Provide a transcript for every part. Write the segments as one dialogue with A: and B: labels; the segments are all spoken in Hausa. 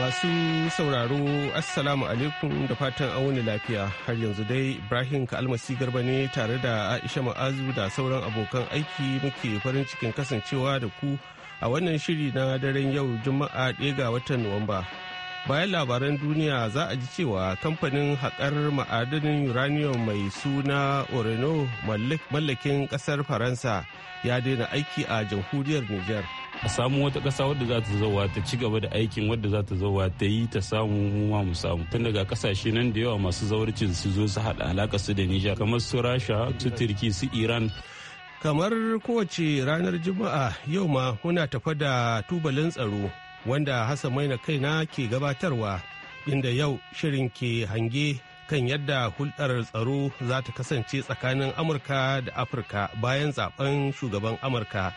A: Masu sauraro Assalamu alaikum da fatan an wani lafiya har yanzu dai Ibrahim Kalmasi Garba ne tare da Aisha Ma'azu da sauran abokan aiki muke farin cikin kasancewa da ku a wannan shiri na daren yau Juma'a ɗaya ga watan Nuwamba. Bayan labaran duniya za a ji cewa kamfanin haƙar ma'adanin uranium mai suna Oreno mallakin ƙasar Faransa ya daina aiki a jamhuriyar Nijar. a samu wata ƙasa wadda za ta zauwa ta ci gaba da aikin
B: wadda za ta zauwa ta yi ta samu mu ma mu samu tun daga ƙasashe nan da yawa masu zawarcin su zo
A: su haɗa alaƙa su da Nijar kamar su Rasha su Turki su Iran kamar kowace ranar juma'a yau ma muna tafa da tubalin tsaro wanda Hassan Maina kaina ke gabatarwa inda yau shirin ke hange kan yadda hulɗar tsaro za ta kasance tsakanin Amurka da Afirka bayan zaben shugaban Amurka.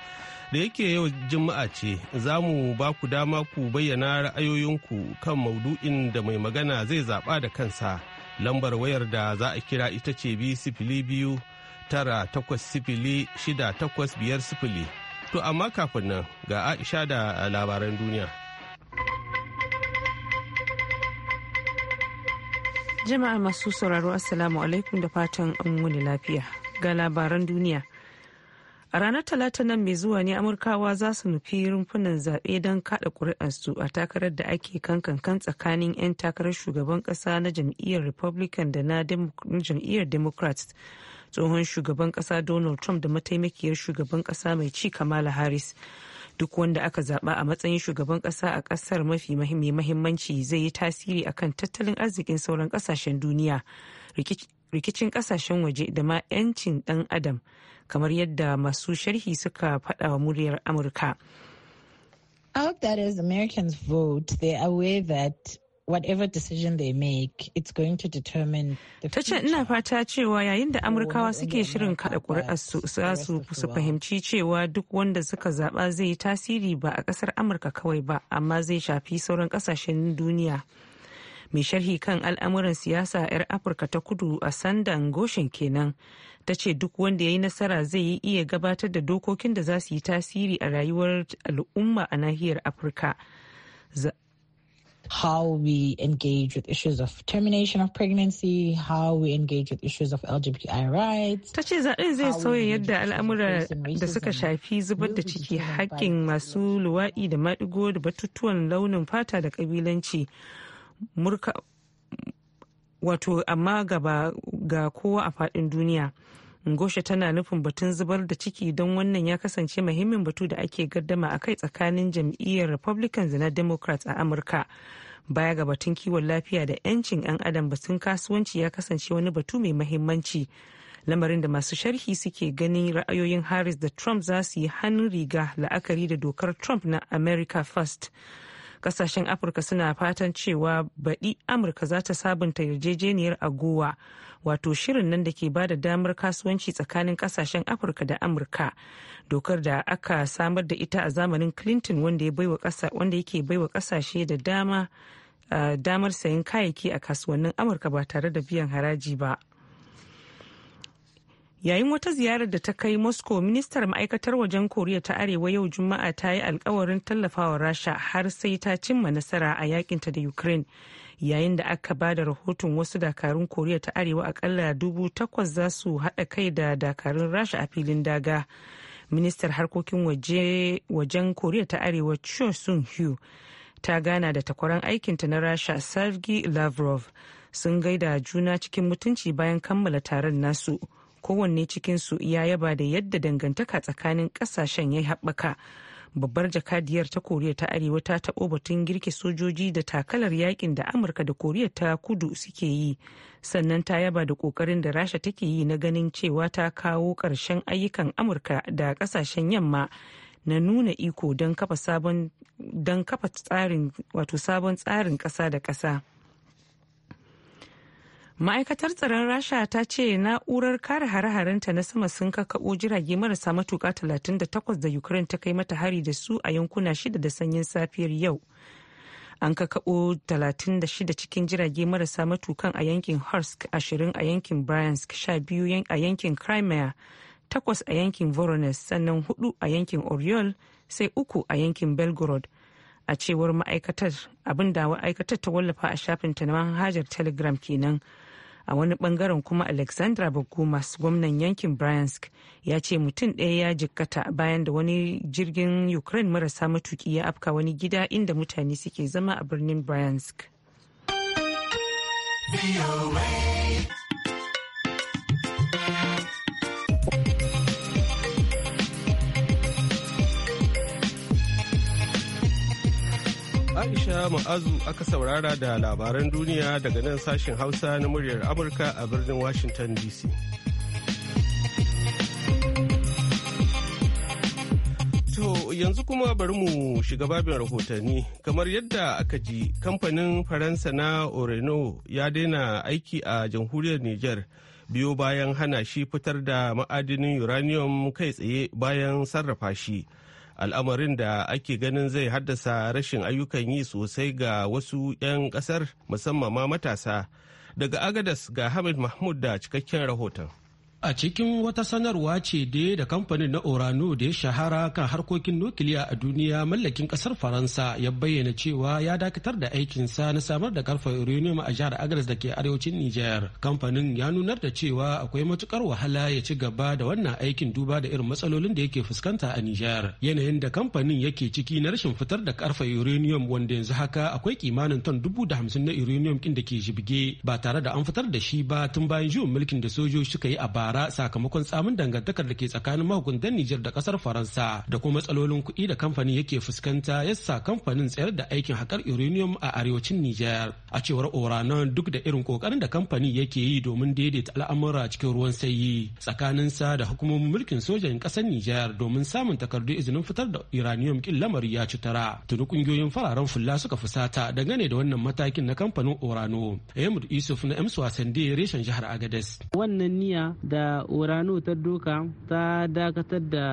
A: da yake yau juma'a ce za mu ba ku dama ku bayyana ra'ayoyinku kan maudu'in da mai magana zai zaɓa da kansa lambar wayar da za a kira ita ce bi sifili biyu tara takwas sifili shida takwas biyar sifili to amma kafin nan ga aisha da labaran duniya
C: jama'a masu sauraro assalamu alaikum da fatan an wuni lafiya ga labaran duniya a ranar talata nan mai zuwa ne amurkawa za su nufi rumfunan zaɓe don kaɗa ƙuri'arsu a takarar da ake kankan tsakanin 'yan takarar shugaban ƙasa na jam'iyyar republican da na jam'iyyar democrats tsohon shugaban ƙasa donald trump da mataimakiyar shugaban ƙasa mai ci kamala harris duk wanda aka zaɓa a matsayin shugaban ƙasa a ƙasar mafi mahimmanci zai yi tasiri akan tattalin arzikin sauran ƙasashen duniya rikicin ƙasashen waje da ma 'yancin ɗan adam kamar yadda masu sharhi suka faɗa wa muryar amurka
D: out that as americans vote they are that whatever decision they make it's going determine
C: ta ce ina fata cewa yayin da amurkawa suke shirin kada kuri'arsu za su su fahimci cewa duk wanda suka zaba zai yi tasiri ba a ƙasar amurka kawai ba amma zai shafi sauran ƙasashen duniya mai sharhi kan al'amuran siyasa 'yar afirka ta kudu a sandan goshen kenan ta ce duk wanda ya yi nasara zai yi iya gabatar da dokokin da za su yi tasiri a rayuwar al'umma a nahiyar afirka how we engage with issues of termination of pregnancy, how
D: we engage with issues of LGBTI rights.
C: Ta ce zaɓen zai sauya yadda al'amura da suka shafi zubar da ciki hakkin masu luwaɗi da maɗigo da batutuwan launin fata da ƙabilanci murka wato amma gaba ga kowa a fadin duniya ngosha tana nufin batun zubar da ciki don wannan ya kasance muhimmin batu da ake gaddama a kai tsakanin jam'iyyar republicans na democrats a amurka baya ga batun kiwon lafiya da 'yancin 'yan adam batun kasuwanci ya kasance wani batu mai mahimmanci lamarin da masu sharhi suke ganin ra'ayoyin harris da trump za su yi hannun riga la'akari da dokar trump na america first kasashen afirka suna fatan cewa baɗi amurka za ta sabunta yarjejeniyar agowa wato shirin nan da ke ba da damar kasuwanci tsakanin kasashen afirka da amurka dokar da aka samar da ita a zamanin clinton wanda yake baiwa kasashe da dama ah, damar sayan kayayyaki a kasuwannin amurka ba tare da biyan haraji ba. yayin wata ziyarar da ta kai moscow ministar ma'aikatar wajen koriya ta arewa yau juma'a ta yi alkawarin tallafawa rasha har sai ta cimma nasara a yakinta da ukraine yayin da aka ba da rahoton wasu dakarun koriya ta arewa akalla dubu takwas za su haɗa kai da dakarun rasha a filin daga ministar harkokin wajen koriya ta arewa cho sun hu ta gana da takwaran aikinta na rasha sergey lavrov sun gaida juna cikin mutunci bayan kammala taron nasu. kowanne cikinsu ya yaba da yadda dangantaka tsakanin kasashen ya haɓaka babbar jakadiyar ta koriya ta arewa ta taɓo batun girke sojoji da takalar yakin da amurka da koriya ta kudu suke yi sannan ta yaba da ƙoƙarin da rasha take yi na ganin cewa ta kawo ƙarshen ayyukan amurka da ƙasashen yamma na nuna iko don kafa tsarin wato tsarin ƙasa da ƙasa. ma'aikatar tsaron rasha ta ce na'urar kare hare-harenta na sama sun kakaɓo jirage marasa matuka 38 da ukraine ta kai mata hari da su a yankuna shida da sanyin safiyar yau an kakaɓo 36 cikin jirage marasa matukan a yankin horsk 20 a yankin bryansk 12 a yankin crimea 8 a yankin voronezh sannan 4 a yankin oriol sai 3 a yankin belgorod a cewar ma'aikatar da ma'aikatar ta wallafa a shafinta na manhajar telegram kenan a wani bangaren kuma alexandra bagumas gwamnan yankin bryansk ya ce mutum ɗaya ya jikkata bayan da wani jirgin ukraine marasa matuki ya afka wani gida inda mutane suke zama a birnin bryansk
A: Aisha Ma'azu aka saurara da labaran duniya daga nan sashen Hausa na muryar Amurka a birnin Washington DC. To yanzu kuma bari mu shiga babin rahotanni kamar yadda aka ji kamfanin faransa na Oreno ya daina aiki a jamhuriyar niger biyo bayan hana shi fitar da ma'adinin uranium kai tsaye bayan sarrafa shi. al'amarin da ake ganin zai haddasa rashin ayyukan yi sosai ga wasu 'yan kasar musamman ma matasa daga agadas ga hamid mahmud da cikakken rahoton
B: A cikin wata sanarwa ce dai da kamfanin na Orano da ya shahara kan harkokin nukiliya a duniya mallakin kasar Faransa ya bayyana cewa ya dakatar da aikinsa na samar da karfe uranium a jihar Agres da ke arewacin Nijar. Kamfanin ya nunar da cewa akwai matukar wahala ya ci gaba da wannan aikin duba da irin matsalolin da yake fuskanta a Nijar. Yanayin da kamfanin yake ciki na rashin fitar da karfe uranium wanda yanzu haka akwai kimanin ton dubu da hamsin na uranium kin da ke jibge ba tare da an fitar da shi ba tun bayan juyin mulkin da sojoji suka yi a bara. bara sakamakon tsamin dangantakar da ke tsakanin mahukuntan Nijar da kasar Faransa da kuma matsalolin kuɗi da kamfanin yake fuskanta yasa kamfanin tsayar da aikin haƙar uranium a arewacin Nijar. A cewar Oranon duk da irin ƙoƙarin da kamfani yake yi domin daidaita al'amura cikin ruwan sanyi tsakaninsa da hukumomin mulkin sojan ƙasar Nijar domin samun takardu izinin fitar da uranium kin lamari ya ci tara. Tuni ƙungiyoyin fararen fulla suka fusata dangane da wannan matakin na kamfanin Orano. Ahmed Yusuf na Emsu Wasande reshen jihar Agadez. Wannan niya da da urano ta doka ta dakatar da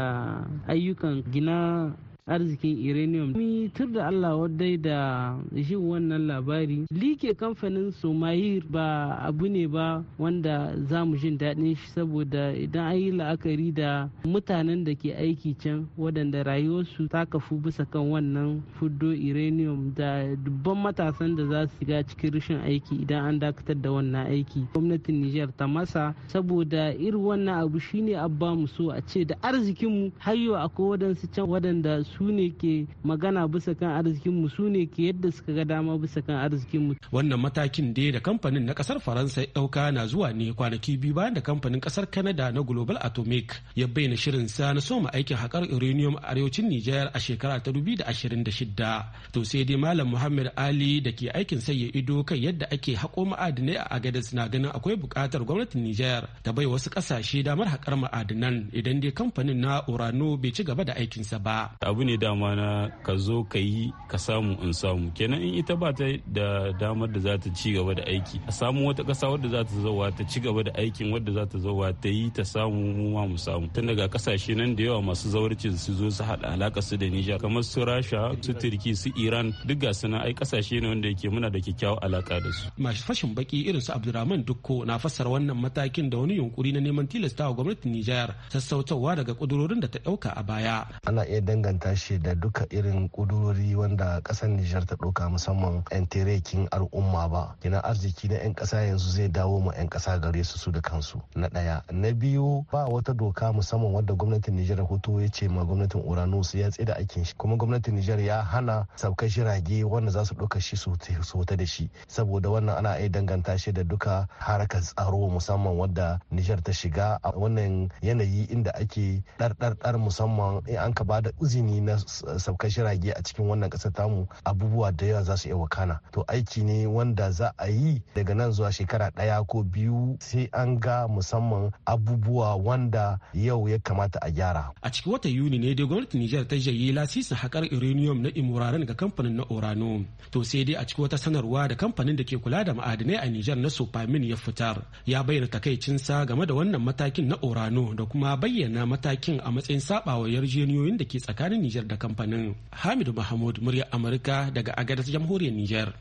B: ayyukan gina arzikin uranium mi tur da allah wadai da jin wannan labari like kamfanin somahir ba abu ne ba wanda za mu jin daɗin shi saboda idan an yi la'akari da mutanen da ke aiki can waɗanda rayuwarsu ta kafu bisa kan wannan fuddo uranium da dubban matasan da za su shiga cikin rashin aiki idan an dakatar da wannan aiki gwamnatin niger ta masa saboda irin wannan abu shine abba mu so a ce da arzikinmu har yau akwai waɗansu can waɗanda su su ne ke magana bisa kan arzikinmu su ne ke yadda suka ga dama bisa kan arzikin mu Wannan matakin da da kamfanin na kasar Faransa ya ɗauka na zuwa ne kwanaki biyu bayan da kamfanin kasar Canada na Global Atomic ya bayyana shirin sa na soma aikin haƙar uranium a arewacin Nijar a shekara ta da da shidda To sai dai Malam Muhammad Ali da ke aikin sanya ido kan yadda ake haƙo ma'adinai a agadas na ganin akwai buƙatar gwamnatin Nijar ta bai wasu ƙasashe damar haƙar ma'adinan idan dai kamfanin na Urano bai ci gaba da aikinsa ba. Abu ne dama na ka zo ka yi ka samu in samu kenan in ita ba ta da damar da za ta ci gaba da aiki a samu wata kasa wadda za ta zauwa ta ci gaba da aikin wadda za ta zauwa ta yi ta samu mu ma mu samu tun daga kasashe nan da yawa masu zawarcin su zo su haɗa alaƙa su da Nijar kamar su Rasha su Turki su Iran duk ga su ai kasashe ne wanda yake muna da kyakkyawar alaƙa da su masu fashin baki irin su Abdulrahman Dukko na fassara wannan matakin da wani yunkuri na neman tilastawa gwamnatin Nijar sassautawa daga kudurorin da ta ɗauka a baya
E: ana iya danganta tashi da duka irin kudurori wanda kasar Nijar ta ɗauka musamman 'yan terekin al'umma ba. Kina arziki na 'yan kasa yanzu zai dawo ma 'yan kasa gare su su da kansu. Na ɗaya. Na biyu ba wata doka musamman wadda gwamnatin Nijar hoto ya ce ma gwamnatin su ya tsida da aikin shi. Kuma gwamnatin Nijar ya hana saukar shirage wanda za su ɗauka shi su wata da shi. Saboda wannan ana iya danganta shi da duka harkar tsaro musamman wadda Nijar ta shiga a wannan yanayi inda ake ɗarɗarɗar musamman in an ka ba da uzini na eh, saukar shirage a cikin wannan ƙasar tamu abubuwa da yawa za su iya wakana to aiki ne wanda za a yi daga nan zuwa shekara ɗaya ko biyu sai an ga musamman abubuwa wanda yau ya kamata a gyara
B: a cikin watan yuni ne dai gwamnatin nijar ta jayi lasisin haƙar uranium na imuraren ga kamfanin na orano to sai dai a cikin wata sanarwa da kamfanin da ke kula da ma'adinai a nijar na sofamin ya fitar ya bayyana takaicinsa game da wannan matakin na orano da kuma bayyana matakin a matsayin saɓawa yarjejeniyoyin da ke tsakanin Niger da kamfanin Hamid Mahmud murya Amurka daga Agadez jamhuriyar
A: Nijar.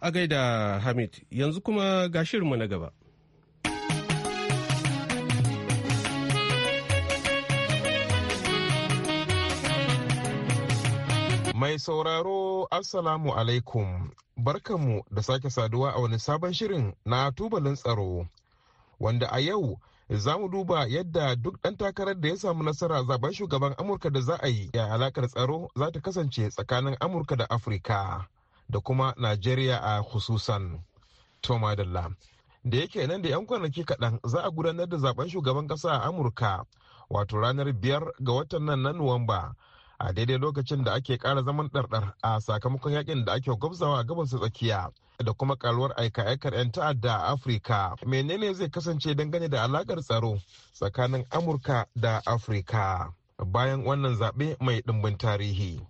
A: A gaida Hamid yanzu kuma ga shirinmu na gaba.
F: Mai sauraro Assalamu alaikum barkanmu da sake saduwa a wani sabon shirin na tubalin tsaro wanda a yau za mu duba yadda duk ɗan takarar da ya samu nasara zaben shugaban amurka da za a yi ya alakar tsaro za ta kasance tsakanin amurka da afirka da kuma najeriya a hususan toma da yake nan da 'yan kwanaki kaɗan za a gudanar da zaben shugaban ƙasa a amurka wato ranar biyar ga watan nan na nuwamba a daidai lokacin da ake ƙara zaman ɗarɗar a sakamakon yakin da ake gwabzawa a gabas tsakiya da kuma karuwar aika-aikar 'yan ta'adda a afirka menene zai kasance dangane da alakar tsaro tsakanin amurka da afirka bayan wannan zaɓe mai ɗimbin tarihi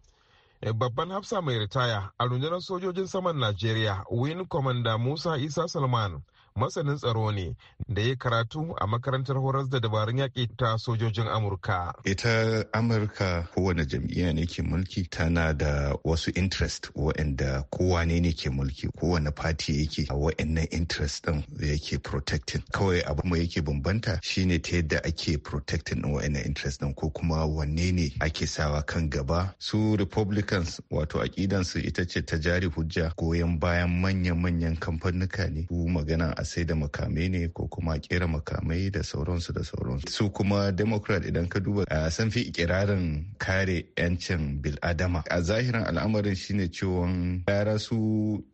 F: eh, babban hafsa mai ritaya a rundunar sojojin saman najeriya win commander musa isa salman masanin tsaro ne da ya karatu a makarantar horas da dabarun yaƙi ta sojojin amurka
G: ita amurka kowane jam'iyya ne ke mulki tana da wasu interest waanda kowane ne ke mulki kowane party yake a wa'annan interest din da yake protecting kawai abu mai yake bambanta shine ta yadda ake protecting ɗin waɗannan interest din ko kuma wanne ne ake sawa kan gaba su republicans wato su ita ce ta jari hujja goyon bayan manya-manyan kamfanuka ne magana a sai da makamai ne ko kuma kera makamai da sauransu da sauransu su kuma democrat idan ka duba a san fi ikirarin kare 'yancin adama. a zahirin al'amarin shine cewa yara su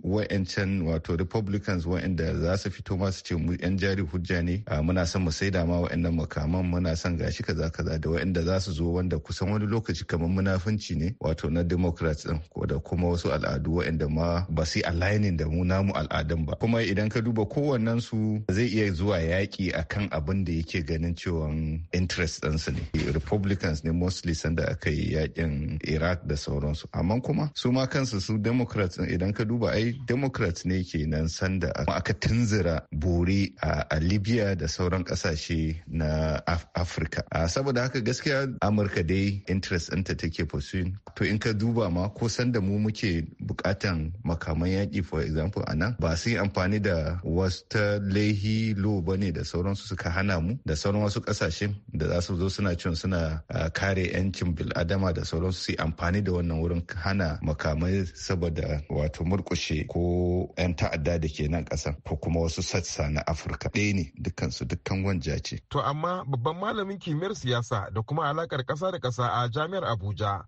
G: wa'yancan wato republicans wa'yanda za su fito masu ce mu 'yan jari hujja ne muna son mu saida ma wa'yannan makaman muna son gashi kaza kaza da wa'yanda za su zo wanda kusan wani lokaci kamar munafunci ne wato na democrats din da kuma wasu al'adu wa'yanda ma ba su da mu namu al'adun ba kuma idan ka duba kowa kowannen su zai iya zuwa yaƙi a kan abin da yake ganin cewa interest ɗansu ne republicans ne mostly sanda aka yi yaƙin iraq da sauransu amma kuma su ma kansu su democrats idan ka duba ai democrats ne ke nan sanda aka tunzura bore a libya da sauran ƙasashe na afirka saboda haka gaskiya amurka dai interest ɗinta take pursuing to in ka duba ma ko sanda mu muke bukatan makaman yaƙi for example a nan ba su yi amfani da wasu ta lehi Lobo ne da sauransu suka hana mu da sauran wasu kasashe da za su zo suna cin suna kare 'yancin bil'adama da sauransu su yi amfani da wannan wurin hana makamai saboda wato murkushe ko 'yan ta'adda da ke nan ƙasa ko kuma wasu sassa na afirka ɗaya ne dukansu dukkan wanja ce.
F: to amma babban malamin kimiyyar siyasa da kuma alakar ƙasa da ƙasa a jami'ar abuja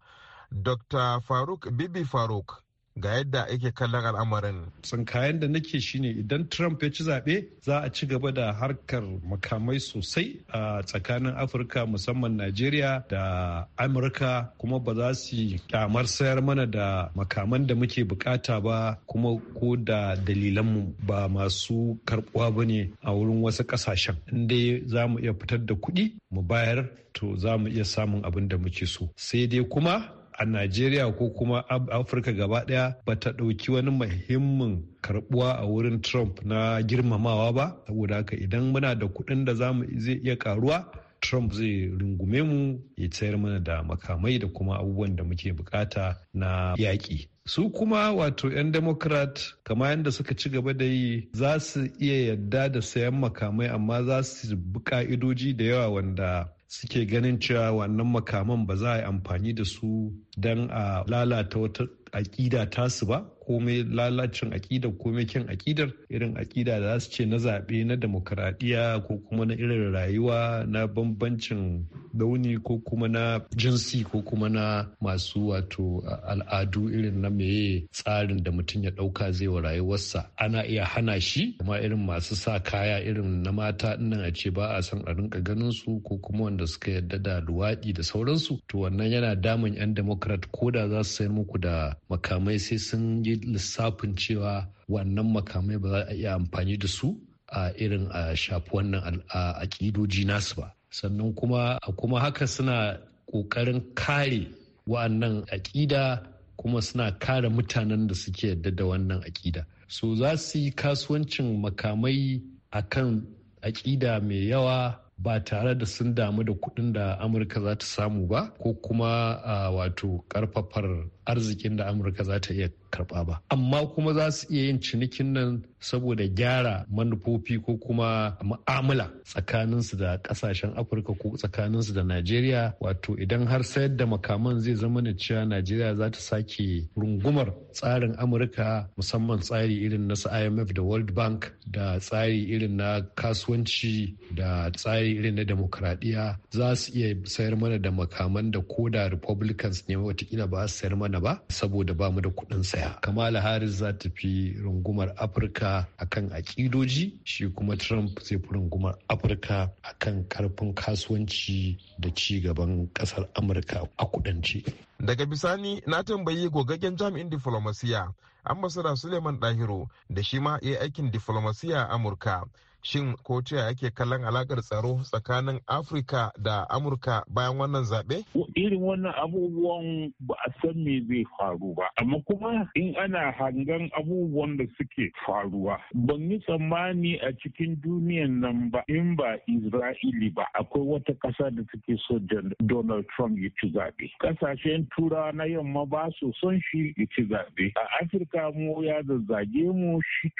F: dr faruk bibi faruk ga yadda ake
E: kallon al'amarin. Tsinkayen da nake shine idan Trump ya ci zaɓe za a ci gaba da harkar makamai sosai a tsakanin Afirka musamman Najeriya da Amurka kuma ba za su kyamar sayar mana da makaman da muke bukata ba kuma ko da dalilanmu ba masu karbuwa ba ne a wurin wasu ƙasashen. Inda za mu iya fitar da kuɗi mu bayar to za mu iya samun abin da muke so. Sai dai kuma a Najeriya ko kuma Afirka gaba ɗaya ba ta ɗauki wani muhimmin karɓuwa a wurin Trump na girmamawa ba saboda haka idan muna da kuɗin da zamu zai iya ƙaruwa Trump zai rungume mu ya tsayar mana da makamai da kuma abubuwan da muke bukata na yaƙi. Su kuma wato 'yan Democrat kama yadda suka ci gaba da yi za su iya yadda da sayan makamai amma za su bi ka'idoji da yawa wanda suke ganin cewa wannan makaman ba za a yi amfani da su don a lalata wata aƙida su ba komai lalacin aƙida komai kyan aƙidar irin akida da su ce na zaɓe na demokuraɗiyya ko kuma na irin rayuwa na bambancin launi ko kuma na jinsi ko kuma na masu wato al'adu irin na meye tsarin da mutum ya ɗauka zai wa rayuwarsa ana iya hana shi kuma irin masu sa kaya irin na mata nan a ce ba a san a rinka ganin su ko kuma wanda suka yarda da luwaɗi da sauransu to wannan yana damun 'yan demokrat ko da za su sayar muku da makamai sai sun yi lissafin cewa wannan makamai ba za a iya amfani da su a irin a shafi wannan aƙidoji nasu ba sannan kuma kuma haka suna ƙoƙarin kare wa'annan aƙida kuma suna kare mutanen da suke yadda da wannan aƙida so za su yi kasuwancin makamai a kan aƙida mai yawa ba tare da sun damu da kuɗin da amurka za ta samu ba ko kuma a wato ƙarfafar arzikin da amurka za ta iya karba ba amma kuma za su iya yin cinikin nan saboda gyara manufofi ko kuma mu'amala tsakaninsu da kasashen afirka ko tsakaninsu da najeriya wato idan har sayar da makaman zai zama da cewa najeriya za ta sake rungumar tsarin amurka musamman tsari irin na su imf da world bank da tsari irin na kasuwanci da tsari irin na demokradiyya za su iya sayar mana da makaman da ko da republicans ne watakila ba su sayar mana mana ba saboda ba mu da kuɗin saya kamala harris za ta fi rungumar afirka akan akidoji shi kuma trump zai fi rungumar afirka akan karfin kasuwanci da ci gaban ƙasar amurka a kudance
F: daga bisani na tambayi gogaggen jami'in diflomasiya ambasada suleiman dahiro da shi ma ya aikin diflomasiya a amurka shin ko ce ake kallon alakar tsaro tsakanin afirka da amurka bayan wannan zaɓe? irin
D: wannan abubuwan ba a san me zai faru ba amma kuma in ana hangen abubuwan da suke faruwa ban yi tsammani a cikin duniyan nan ba in ba isra'ili ba akwai wata ƙasa da take so donald trump ya ci zaɓe ƙasashen turawa na yamma ba su son shi ya ci zaɓe a afirka mu ya zazzage mu shi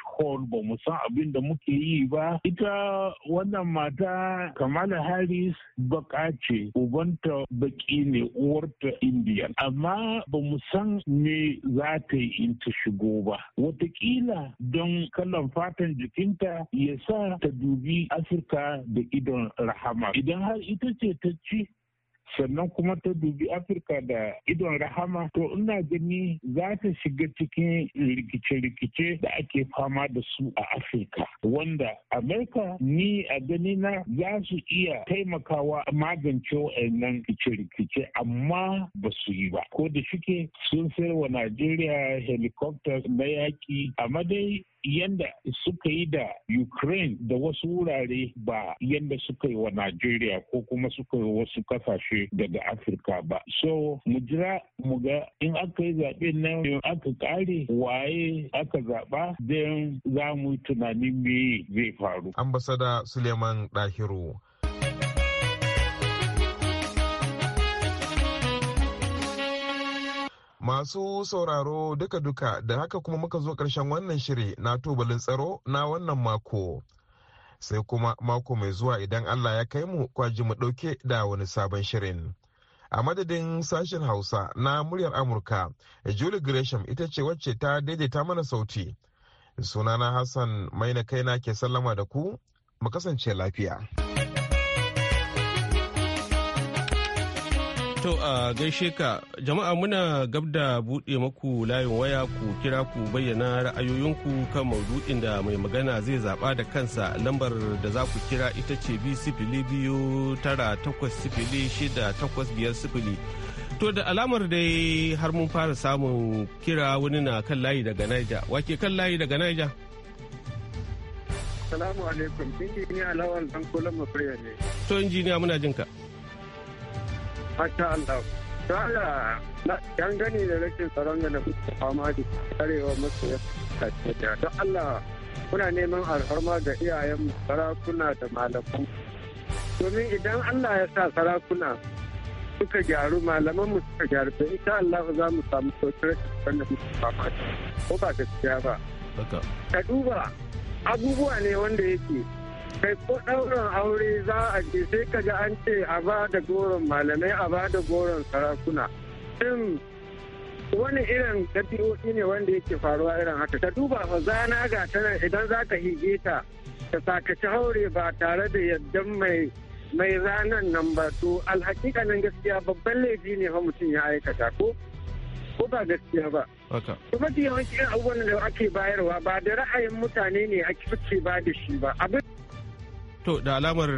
D: ba mu san abin da muke yi ba ita wannan mata Kamala Harris baka ce ubanta baki ne uwarta Indiya. Amma ba mu san me za ta yi in ta shigo ba. Watakila don kalan fatan jikinta ya sa ta dubi Afirka da idon rahama. Idan har ita ce ta ci sannan kuma ta dubi afirka da idon rahama to ina gani za ta shiga cikin rikice-rikice da ake fama da su a afirka wanda amerika ni a gani na za su iya taimakawa magance wa'annan rikice-rikice amma ba su yi ba ko da shike sun sayarwa najeriya helicopters na yaki a madai? yanda suka yi da Ukraine da wasu wurare ba yanda suka yi wa Najeriya ko kuma suka yi wasu kasashe daga Afirka ba. So mu jira mu ga in aka yi zaɓen na in aka ƙare waye aka zaɓa don za mu yi tunanin me
F: zai faru. Ambasada Suleiman Dahiru. Masu sauraro duka-duka da haka kuma muka zo karshen wannan shiri na tubalin tsaro na wannan mako. Sai kuma mako mai zuwa idan Allah ya kai mu kwaji mu ɗauke da wani sabon shirin. A madadin sashen Hausa na muryar Amurka, Julie Gresham ita ce wacce ta daidaita mana sauti. Sunana Hassan maina kaina ke sallama da ku, mu kasance
A: lafiya. To a gaishe ka jama'a muna gab da buɗe maku layin waya ku kira ku bayyana ra'ayoyinku kan maudu'in da mai magana zai zaɓa da kansa lambar da za ku kira ita ce bi sifili biyu tara takwas sifili shida takwas biyar sifili. To da alamar dai har mun fara samun kira wani na kan layi daga Naija. Wake kan layi daga Naija?
H: Salamu alaikum, injiniya Lawan Zankola Mafriya ne.
A: To injiniya muna jinka. ka. Masha Allah.
H: Sala da rashin tsaron da fama da masu don Allah neman alfarma ga iyayen sarakuna da malamu domin idan Allah ya sa sarakuna suka gyaru malaman mu suka gyaru da ita Allah za mu samu sautar da muke fama ko ba gaskiya ba ka duba abubuwa ne wanda yake kai ko ɗaurin aure za a je sai ka ji an ce a ba da goron malamai a ba da goron sarakuna shin wani irin ɗabi'o'i ne wanda yake faruwa irin haka ka duba fa zana ga tana idan za ka hige ta ta sakaci haure ba tare da yadda mai mai ranan nan ba to alhakikanin gaskiya babban laifi ne fa mutum ya aikata ko ko ba gaskiya ba. Kuma da yawanci abubuwan da ake bayarwa ba da ra'ayin mutane ne ake ba da shi ba. Abin
A: to da alamar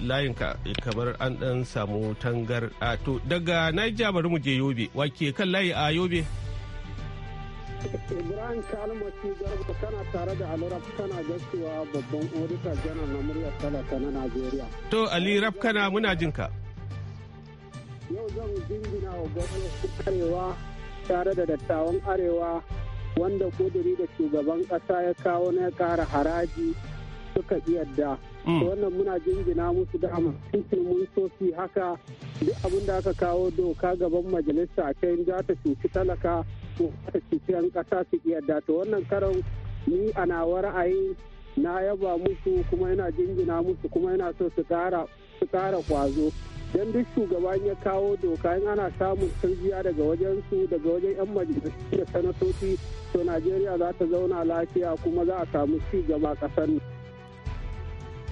A: layin ka kamar an dan samu tangar a to daga naija bari mu je yobe wake kan layi a yobe
H: ibrahim kalmaki garba kana tare da ali kana gaskewa babban orita janar na muryar talata na najeriya
A: to ali kana muna jin ka
H: yau zan jingina wa gwamnatin arewa tare da dattawan arewa wanda kuduri da shugaban kasa ya kawo na ya kara haraji suka yadda mm. wannan muna jingina musu dama cikin mun haka duk abin da aka kawo doka gaban majalisa a kai za ta cuci talaka ko ta cuci yan kasa su yadda to wannan karon ni a nawa ra'ayi na yaba musu kuma yana jingina musu kuma yana so su kara su kara kwazo don duk shugaban ya kawo doka in ana samun turjiya daga wajen su daga wajen yan majalisa da sanatoci to najeriya za ta zauna lafiya kuma za a samu ci gaba kasar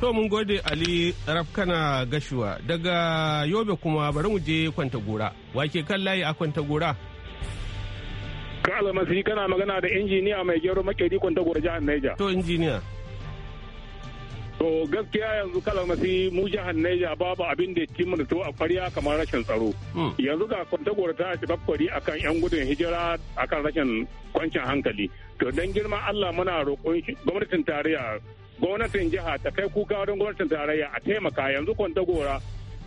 A: To mun gode Ali Rafkana Gashuwa daga Yobe kuma bari mu je Kwantagora. Wake kan layi a Kwantagora?
I: Ka almasi kana magana da injiniya mai gero makeri Kwantagora jihar Neja. To injiniya. To gaskiya yanzu kalmasi mu jihar Neja babu abin da ci mana to a kwariya kamar rashin tsaro. Hmm. Yanzu ga kwantagora ta ci bakwari akan yan gudun hijira akan rashin kwancin hankali. To dan girma Allah muna roƙon gwamnatin tarayya gwamnatin jiha ta kai kuka wajen gwamnatin tarayya a taimaka yanzu kwantagora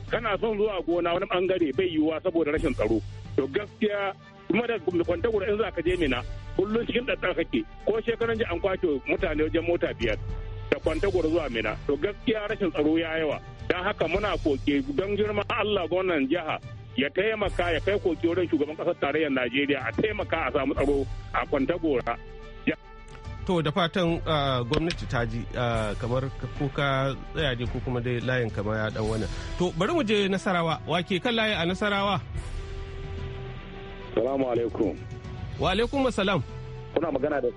I: kana son zuwa gona wani bangare bai yiwuwa saboda rashin tsaro to gaskiya kuma da kwantagora in za ka je mina kullum cikin ɗaɗɗar kake ko shekaran ji an kwace mutane wajen mota biyar da kwantagora zuwa mina to gaskiya rashin tsaro ya yawa don haka muna koke don girma Allah gwamnan jiha ya taimaka ya kai koke wurin shugaban ƙasar tarayyar Najeriya a taimaka a samu tsaro a kwantagora
A: to da fatan ah, gwamnati ta ji ah, kamar ko ka tsaya ne ko kuma dai layin kamar ya dan wannan to bari mu je nasarawa wake kan layi a nasarawa salamu alaikum wa alaikum salam kuna magana da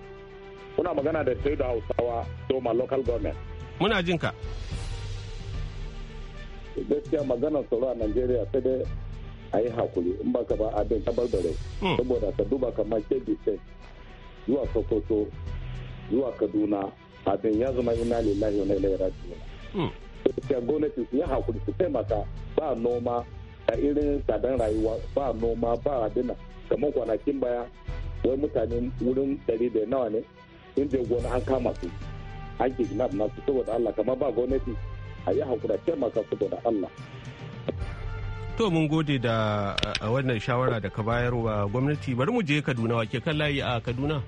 J: kuna magana da sai da hausawa doma local government muna jin ka gaskiya magana tsaro a najeriya sai dai a yi hakuri in ba ka ba abin tabar da rai hmm. saboda ka duba kamar kebbi zuwa sokoto zuwa kaduna abin ya zama ina lillahi wani ilayi rajiyon hmm. ita gwamnati ya haƙuri su taimaka ba noma a irin tsadan rayuwa ba noma ba abin kamar kwanakin baya wai mutane wurin ɗari da nawa ne inda gona an kama su an ke gina na su saboda Allah kamar ba gwamnati a yi haƙura taimaka saboda Allah.
A: To mun gode da wannan shawara da ka bayarwa gwamnati bari mu je Kaduna ke kan layi a Kaduna.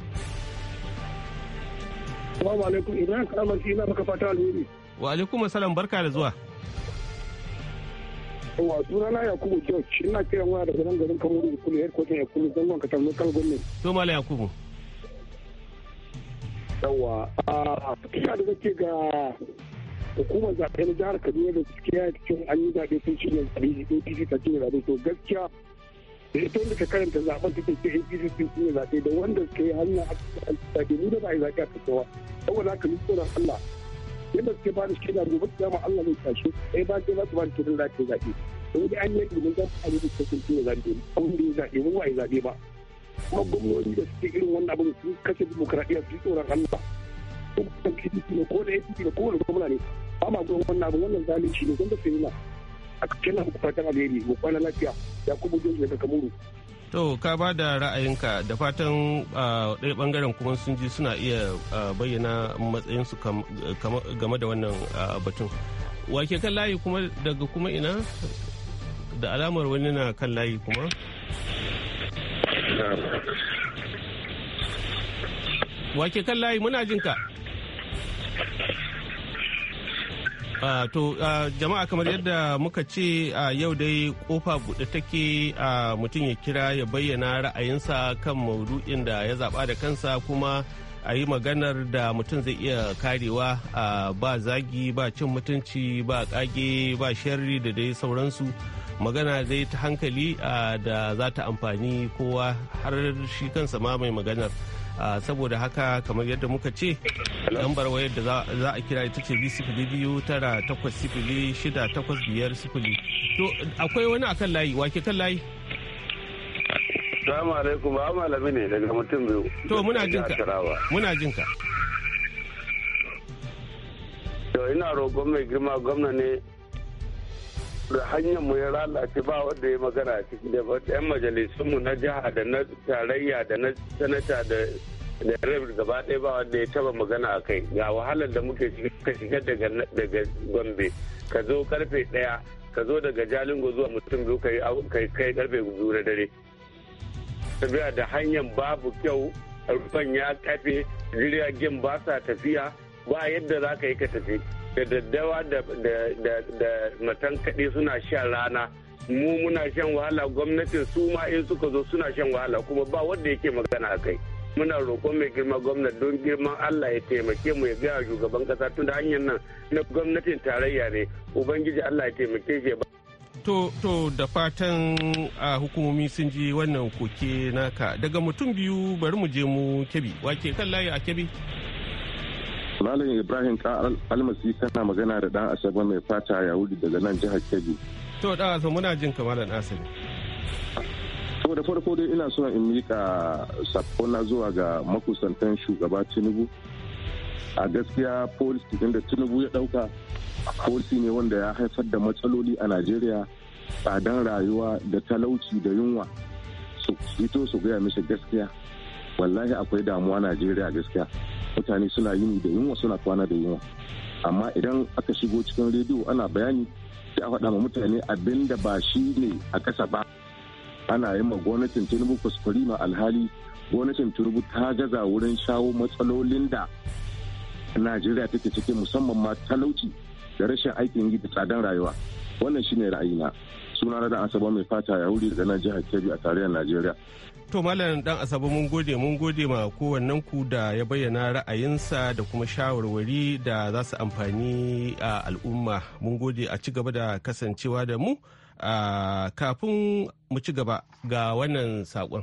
H: Assalamu alaikum Ibrahim Karamar shi na maka fata alheri.
A: Wa alaikum assalam barka da zuwa.
H: Wa sunana Yakubu George ina kiran waya daga nan garin Kamuru Kulu coach ya Kulu zangon Katam local government.
A: To mala Yakubu.
H: Yawa a kisa da zake ga hukumar zaɓe na jihar Kaduna da suke yaki cikin an yi zaɓe sun shirya zaɓe APC ta cinye zaɓe to gaskiya da ita wanda ta karanta zaben ta ce APC sun yi zaɓe da wanda suka yi hanyar zaɓe ni da ba a yi zaɓe a kasuwa saboda haka ni tsoron Allah yadda suke ba da shaida gobe da ma Allah zai tashi ai eh, ba ce ba su ba da shaidar zaɓe zaɓe don da an yi domin za su a yi da sun yi zaɓe abin da ya zaɓe mun ba a yi zaɓe ba kuma gwamnoni da suke irin wannan abin sun kashe dimokuraɗiyya su tsoron Allah ko da APC ne ko da APC ne ko da gwamna ne ba ma gwamnati wannan abin wannan zalunci ne gwamnati sai na a cikin fatan alheri mu kwana lafiya ya kuma jin daga kamuru
A: to ka ba da ra'ayinka da fatan ɗaya bangaren kuma sun ji suna iya bayyana matsayinsu game da wannan batun wake kan layi kuma daga kuma ina da alamar wani na kan layi kuma wake kan layi muna jinka ka Ah, to ah, jama'a kamar yadda muka ce a ah, yau dai kofa buɗe take a mutum ya kira ya bayyana ra'ayinsa kan maudu'in da ya zaɓa da kansa kuma a yi maganar da mutum zai iya karewa ba zagi ba cin mutunci ba kage ba sharri da dai sauransu magana zai ta hankali da za ta amfani kowa har shi kansa ma mai maganar. saboda haka kamar yadda muka ce lambar wayar da za a kira ita ce biyu tara takwas sifili shida takwas biyar sifili to akwai wani akan layi wake kan layi
I: Salamu alaikum ba malami ne daga mutum biyu. To muna jinka. Muna jinka. To ina roƙon mai girma gwamna ne da hanyar mu ya lalace ba wanda ya magana a ciki da yan majalisunmu na jiha da na tarayya da na sanata da da rabin gaba ɗaya ba wanda ya taba magana a kai ga wahalar da muke ka shiga daga gombe ka zo karfe ɗaya ka zo daga jalingo zuwa mutum zo kai kai karfe biyu na dare tafiya da hanyar babu kyau rufan ya kafe jiragen ba sa tafiya ba yadda za ka yi ka tafi da daddawa da matankaɗe suna shan rana mu muna shan wahala gwamnatin su ma in suka zo suna shan wahala kuma ba wanda yake magana a kai muna roƙon mai girma gwamnati don girman Allah ya taimake mu ya gaya shugaban kasa tun da hanyar nan na gwamnatin tarayya ne ubangiji Allah ya taimake shi
A: To, to da fatan a hukumomi sun ji wannan koke naka daga mutum biyu bari mu je mu kebi wake kan layi a kebi.
J: Malam Ibrahim ka almasi kana magana da ɗan Asabe mai fata Yahudi daga nan jihar Kebbi.
A: To da so muna jin ka Malam Asabe. To da farko dai ina so in miƙa na zuwa ga
J: makusantan shugaba Tinubu. A gaskiya policy din da Tinubu ya ɗauka policy ne wanda ya haifar da matsaloli a Najeriya tsadan rayuwa da talauci da yunwa su fito su gaya mishi gaskiya wallahi akwai damuwa Najeriya gaskiya. mutane suna yini da yunwa suna kwana da yunwa amma idan aka shigo cikin rediyo ana bayani sai a faɗa ma mutane abin da ba shi ne a ƙasa ba ana yi ma gwamnatin tinubu kuskure ma alhali gwamnatin tinubu ta gaza wurin shawo matsalolin da najeriya take ciki musamman ma talauci da rashin aikin yi da tsadan rayuwa wannan shine ra'ayina suna na dan asaba mai fata ya wuri daga nan jihar kebbi a tarayyar najeriya
A: to malam dan asaba mun gode mun gode ma kowannen ku da ya bayyana ra'ayinsa da kuma shawarwari da za su amfani a al'umma mun gode a ci gaba da kasancewa da mu kafin mu ci gaba ga wannan saƙon.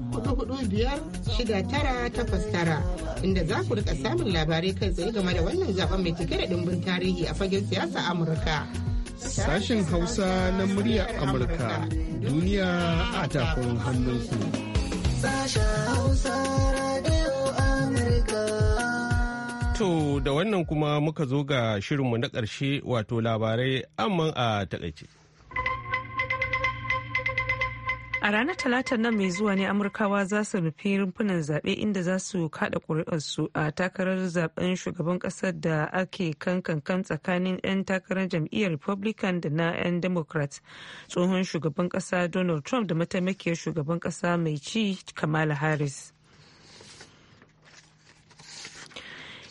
C: tara inda za ku rika samun labarai kai tsaye game da wannan zaben mai cike da dimbin tarihi a fagen siyasa Amurka.
F: Sashen Hausa na murya Amurka
A: duniya a takon hannunku. To da wannan kuma muka zo ga shirinmu na ƙarshe wato labarai amman a taƙaice.
C: A ranar talata nan mai zuwa ne Amurkawa za su rufe rumfunan zaɓe inda za su kaɗa ƙuri'arsu a takarar zaɓen shugaban ƙasar da ake kankan tsakanin 'yan takarar jam'iyyar Republican da na 'yan Democrat. Tsohon shugaban ƙasa Donald Trump da mataimakiyar shugaban ƙasa mai ci Kamala Harris.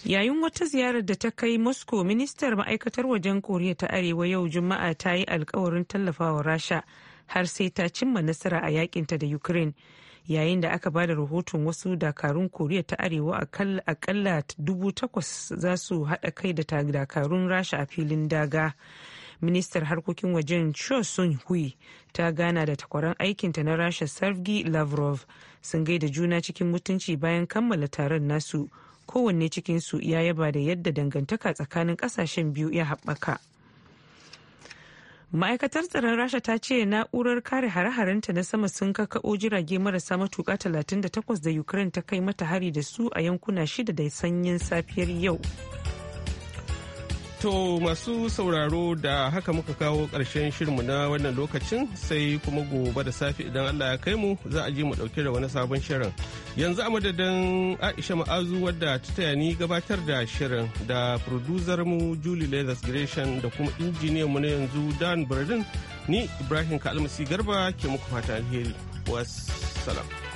C: yayin wata ziyarar da ta kai moscow ministar ma'aikatar wajen koriya ta arewa yau juma'a ta yi alkawarin tallafawa rasha har sai ta cimma nasara a yakinta da ukraine yayin da aka bada rahoton wasu dakarun koriya ta arewa akalla dubu takwas za su haɗa kai da dakarun rasha a filin daga ministar harkokin wajen cho sun hui ta gana da takwaran aikinta na rasha sergei lavrov sun gaida juna cikin mutunci bayan kammala taron nasu kowanne cikinsu ya yaba da yadda dangantaka tsakanin kasashen biyu ya haɓaka. ma'aikatar tsaron rasha ta ce na'urar kare hare-harenta na sama sun kakaɓo jirage marasa matuka 38 da ukraine ta kai mata hari da su a yankuna shida da sanyin safiyar yau To
A: masu sauraro da haka muka kawo ƙarshen shirinmu na wannan lokacin sai kuma gobe da safe idan Allah ya kai mu za a ji mu ɗauke da wani sabon shirin. Yanzu a madadin Aisha Ma'azu wadda ta taya ni gabatar da shirin da producer mu Julie Leathers Gration da kuma injiniyan mu na yanzu Dan Burdin ni Ibrahim Kalmasi Garba ke muku fata alheri. Wassalam.